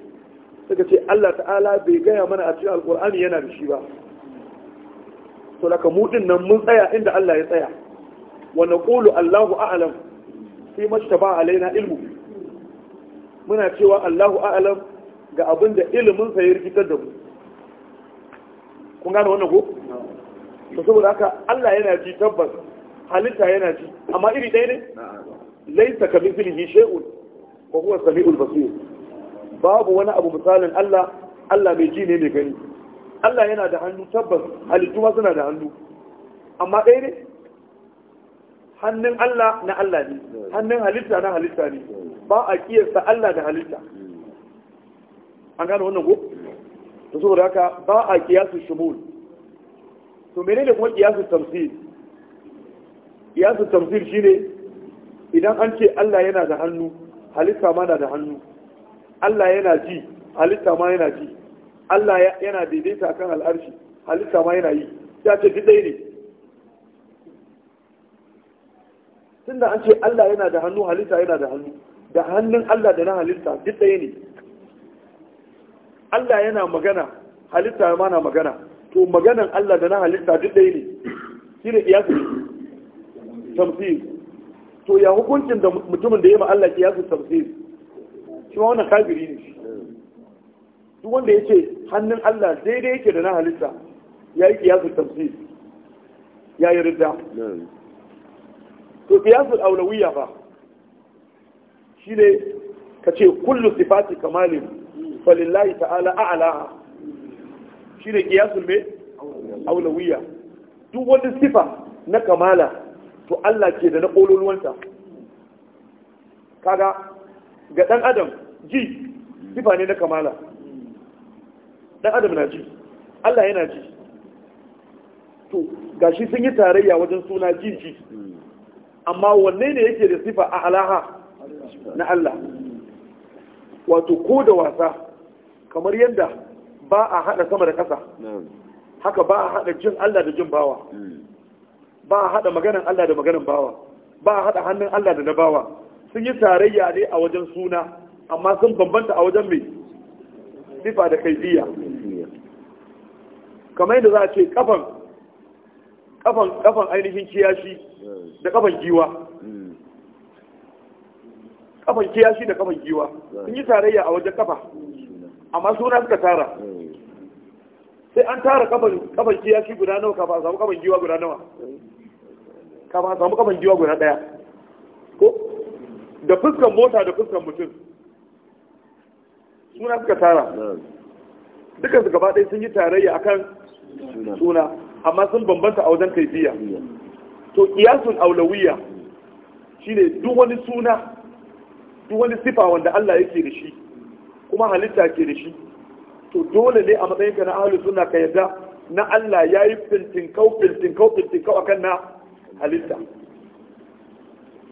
suka ce Allah ta'ala bai gaya mana a cikin alkur'ani yana da shi ba to daga mu din nan mun tsaya inda Allah ya tsaya wa naqulu Allahu a'lam fi mashtaba alaina ilmu muna cewa Allahu a'lam ga abin da sa ya rikitar da mu kun gane wannan ko to saboda haka Allah yana ji tabbas halitta yana ji amma iri ɗaya ne laisa kamithlihi shay'un wa huwa samiul basir babu wani abu misalin Allah Allah mai ji ne mai gani Allah yana da hannu tabbas halittu ma suna da hannu amma ɗaya ne hannun Allah na Allah ne hannun halitta na halitta ne ba a kiyasta Allah da halitta an gano wannan ko to saboda haka ba a kiyasu shumul to menene kuma kiyasu tamsil kiyasu tamsil shine idan an ce Allah yana da hannu halitta ma na da hannu Allah yana ji halitta ma yana ji Allah yana daidaita kan al'arshi halitta ma yana yi ya ce duk ne tunda an ce Allah yana da hannu halitta yana da hannu da hannun Allah da na halitta duk ne Allah yana magana halitta ma na magana to maganan Allah da na halitta duk ɗaya ne shi ne kiyasu tamsir to ya hukuncin da mutumin da ya ma Allah yasu tamsir shi wani wannan kafiri ne shi duk wanda ya ce hannun Allah daidai yake da na halitta ya yi kiyasu tafsir ya yi rida to kiyasu aulawiya ba shi ne ka ce kullu sifati kamalin falillahi ta'ala a'ala shi ne kiyasu mai aulawiya duk wani sifa na kamala to Allah ke da na ƙololuwanta kaga ga ɗan adam ji sifa ne na kamala ɗan adam na ji Allah yana ji to gashi sun yi tarayya wajen suna ji ji amma wanne ne yake da sifa a alaha na Allah wato ko da wasa kamar yadda ba a haɗa sama da ƙasa haka ba a haɗa jin Allah da jin bawa hmm. ba a haɗa maganan Allah da maganan bawa ba a haɗa hannun Allah da na bawa sun yi tarayya ne a wajen suna amma sun bambanta a wajen mai sifa da kaifiya kamar yadda za a ce kafan kafan ainihin kiyashi da kafan giwa kafan kiyashi da kafan giwa sun yi tarayya a wajen kafa amma suna suka tara sai an tara kafan kiyashi guda nawa kafa a samu kafan giwa guda nawa kafa a samu kafan giwa guda daya ko da fuskan mota da fuskan mutum suna suka tara dukkan su gaba ɗaya sun yi tarayya akan suna amma sun bambanta a wajen kaifiya to iyasun aulawiya shine duk wani suna duk wani sifa wanda Allah yake da shi kuma halitta ke da shi to dole ne a matsayin ka na ahli sunna ka yadda na Allah yayi fintin kau fintin kau fintin kau akan na halitta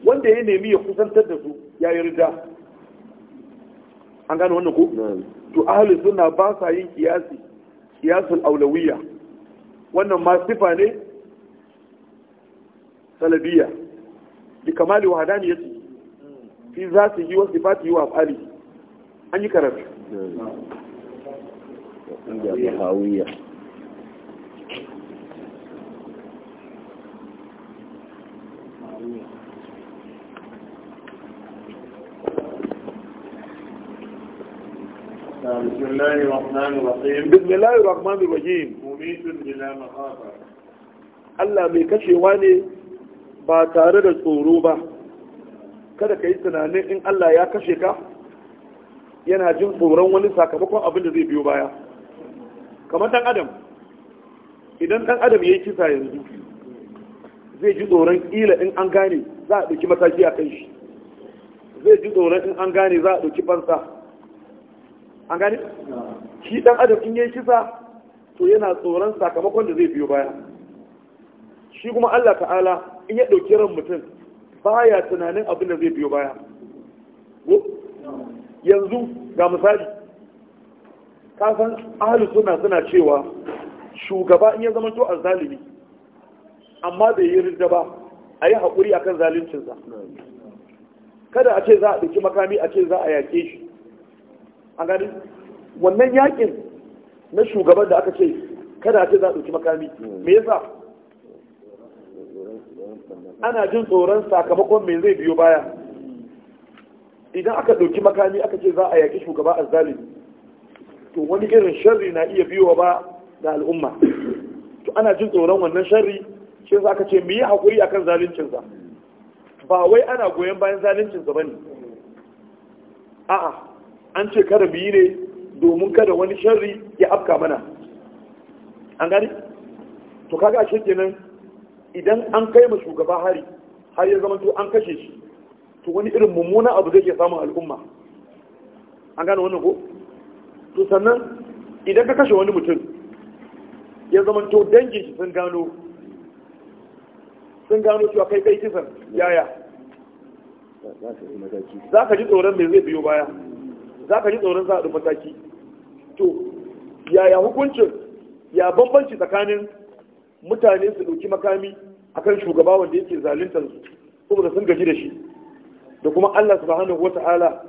wanda ya nemi ya kusantar da su ya yi rida an gane wannan ko to ahli sunna ba sa yin kiyasi kiyasul aulawiya wannan ma sifa ne salabiya bi kamali wahadaniyati fi yi wa yi wa af'ali an yi karatu Yeah. بسم الله الرحمن الرحيم بسم الله الرحمن الرحيم مميت بلا مخافة Allah mai kashewa ne ba tare da tsoro ba kada ka yi tunanin in Allah ya kashe ka yana jin tsoron wani sakamakon abin da zai biyo baya kamar ɗan adam idan ɗan adam ya yi kisa yanzu zai ji tsoron ƙila in an gane za a ɗauki mataki a kan shi zai ji tsoron in an gane za a ɗauki fansa an gani? shi dan adam in yayi kisa to yana tsoron sakamakon da zai biyo baya shi kuma Allah ta'ala in ya ɗauki ran mutum baya tunanin abin da zai biyo baya yanzu ga misali kasan ahli suna suna cewa shugaba in ya zama to zalimi, amma bai yi rinda ba a yi haƙuri akan zaluncinsa kada a ce za a ɗauki makami a ce za a yaƙe shi a gani wannan yakin na shugaban da aka ce kada ce za a ɗauki makami me yasa ana jin tsoron sakamakon me zai biyo baya idan aka ɗauki makami aka ce za a yaƙi shugaba a zalimi to wani irin sharri na iya biyo ba da al'umma to ana jin tsoron wannan sharri shi za aka ce mu yi haƙuri akan zaluncinsa ba wai ana goyon bayan zaluncinsa ba ne a'a an ce kada mu yi ne domin kada wani sharri ya afka mana an gani to kaga ashe kenan idan an kai ma shugaba hari har ya zama to an kashe shi to wani irin mummuna abu zai ke samun al'umma an gane wannan ko to sannan idan ka kashe wani mutum ya zama to dangin shi sun gano sun gano cewa kai kai kisan yaya za ka ji tsoron me zai biyo baya za ka ji tsoron za mataki to yaya hukuncin ya bambanci tsakanin mutane su ɗauki makami akan shugaba wanda yake zaluntar su da sun gaji da shi da kuma Allah subhanahu ta'ala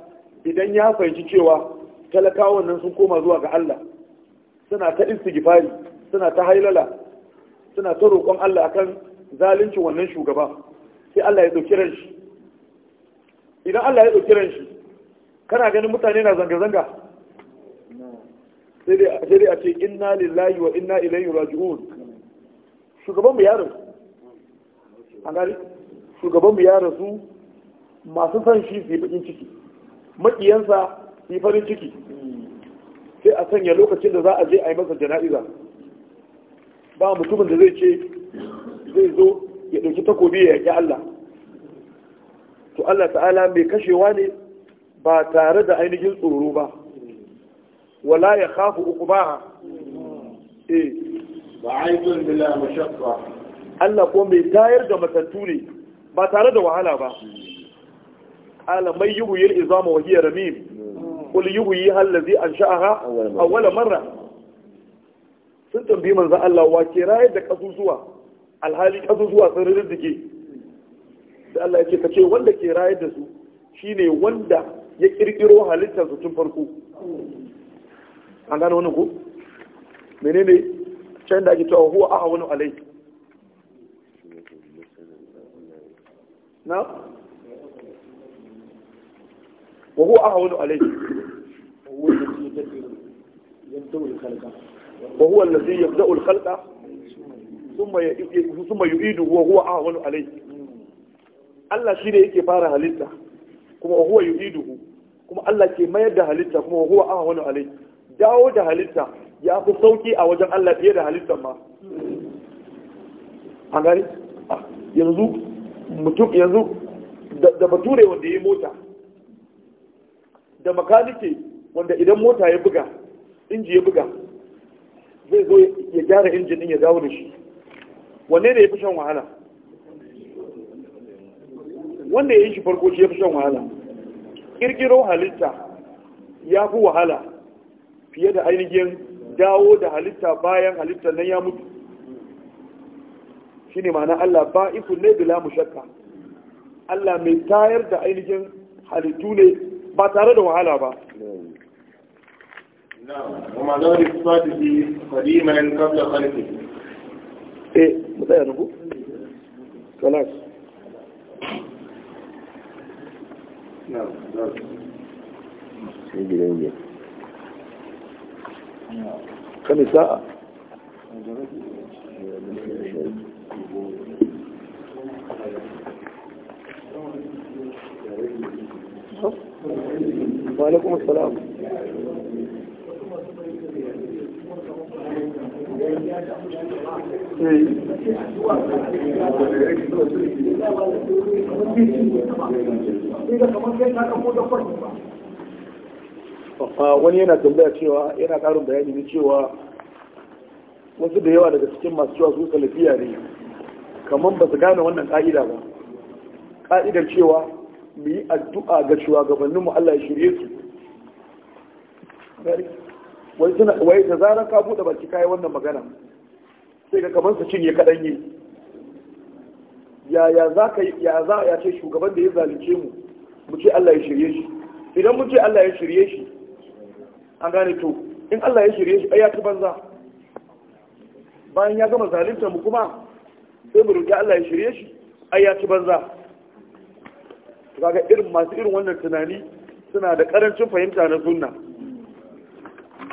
idan ya fahimci cewa talakawan nan sun koma zuwa ga Allah suna ta istighfari suna ta hailala suna ta roƙon Allah akan zaluncin wannan shugaba sai Allah ya ɗauki ran shi idan Allah ya ɗauki ran shi kana ganin mutane na zanga-zanga sai dai a ce inna lillahi wa inna ilayhi raji'un shugaban mu ya rasu an gari shugaban mu ya rasu masu san shi su yi bakin ciki makiyansa su farin ciki sai a sanya lokacin da za a je a yi masa jana'iza ba mutumin da zai ce zai zo ya ɗauki takobi ya yaƙi Allah to Allah ta'ala mai kashewa ne ba tare da ainihin tsoro ba wala ya khafu uqbaha eh aidun bila mashaqqa Allah ko mai tayar da matattu ne ba tare da wahala ba ala mai yuhyi al-izama wa hiya ramim qul yi allazi ansha'aha awwal marra sun tambayi manzo Allah wa ke raye da kasusuwa alhali kasusuwa sun rirdike da Allah yake kace wanda ke raye da su shine wanda ya kirkiro halittar su tun farko an gano wani ku menene can da ake cewa huwa a wani alai na wa huwa a wani alai wa huwa allazi yabda'u al-khalqa thumma yu'idu wa huwa wani alai. Allah shi ne yake fara halitta kuma wa huwa yu'iduhu kuma Allah ke mayar da halitta kuma huwa wani alai dawo da halitta ya fi sauki a wajen Allah fiye da halitta ma a gari yanzu mutum yanzu da bature wanda ya yi mota da makanike wanda idan mota ya buga inji ya buga zai zo ya gyara injinin ya dawo da shi wanne ne ya fi shan wahala wanda ya yi shi farko shi ya fi shan wahala kirkiro halitta ya fi wahala fiye da ainihin dawo da halitta bayan halitta nan ya mutu ne ma'ana Allah ba ba'ifu ne bila mushakka Allah mai tayar da ainihin halittu ne ba tare da wahala ba وما دور صفاته قديما قبل خلقه ايه متى يا ربو خلاص sai gidan giya kan sa'a wani yana tambaya cewa yana karin bayani ne cewa wasu da yawa daga cikin masu cewa su salafiya ne kamar ba su gane wannan ka'ida ba ka'idar cewa mu yi addu'a ga mu Allah ya shirye su wai ta zarar ka buɗe baki kayi wannan magana sai ga kamar su cinye kaɗan yi yaya za ka ya za a ce shugaban da ya zalunce mu mu ce Allah ya shirye shi idan mu ce Allah ya shirye shi an gane to in Allah ya shirye shi ai ya ci banza bayan ya gama zalunta mu kuma sai mu roki Allah ya shirye shi ai ya ci banza to kaga irin masu irin wannan tunani suna da karancin fahimta na sunna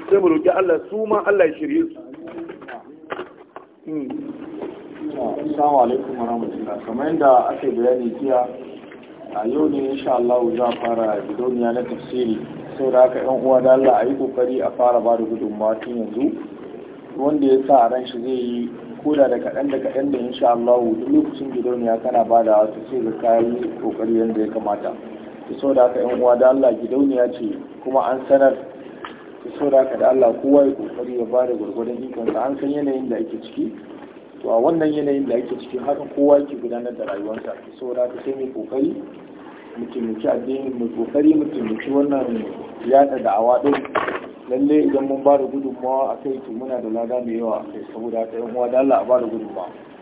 sai mu roki Allah su ma Allah ya shirye su hmm. Assalamu alaikum wabarakatuh. kamar yadda ake bayani jiya a yau ne insha Allah za a fara gidauniya na tafsiri sai da haka yan uwa da Allah a yi kokari a fara ba da gudunmawa tun yanzu wanda ya sa a ran shi zai yi koda da kaɗan da kaɗan da insha Allah duk lokacin gidauniya kana ba da wasu sai da yi kokari yadda ya kamata sau da haka yan uwa da Allah gidauniya ce kuma an sanar sau da haka da Allah kowa ya kokari ya ba da gwargwadon ikonsa an san yanayin da ake ciki to a wannan yanayin da ake ciki haka kowa ke gudanar da rayuwarsa saboda ta sai mai kokari mutumci addini mai kokari mutumci wannan yada da'awa ɗin lalle idan mun ba da gudunmawa a kai to muna da lada mai yawa a kai saboda ta yan uwa da Allah a ba da gudunmawa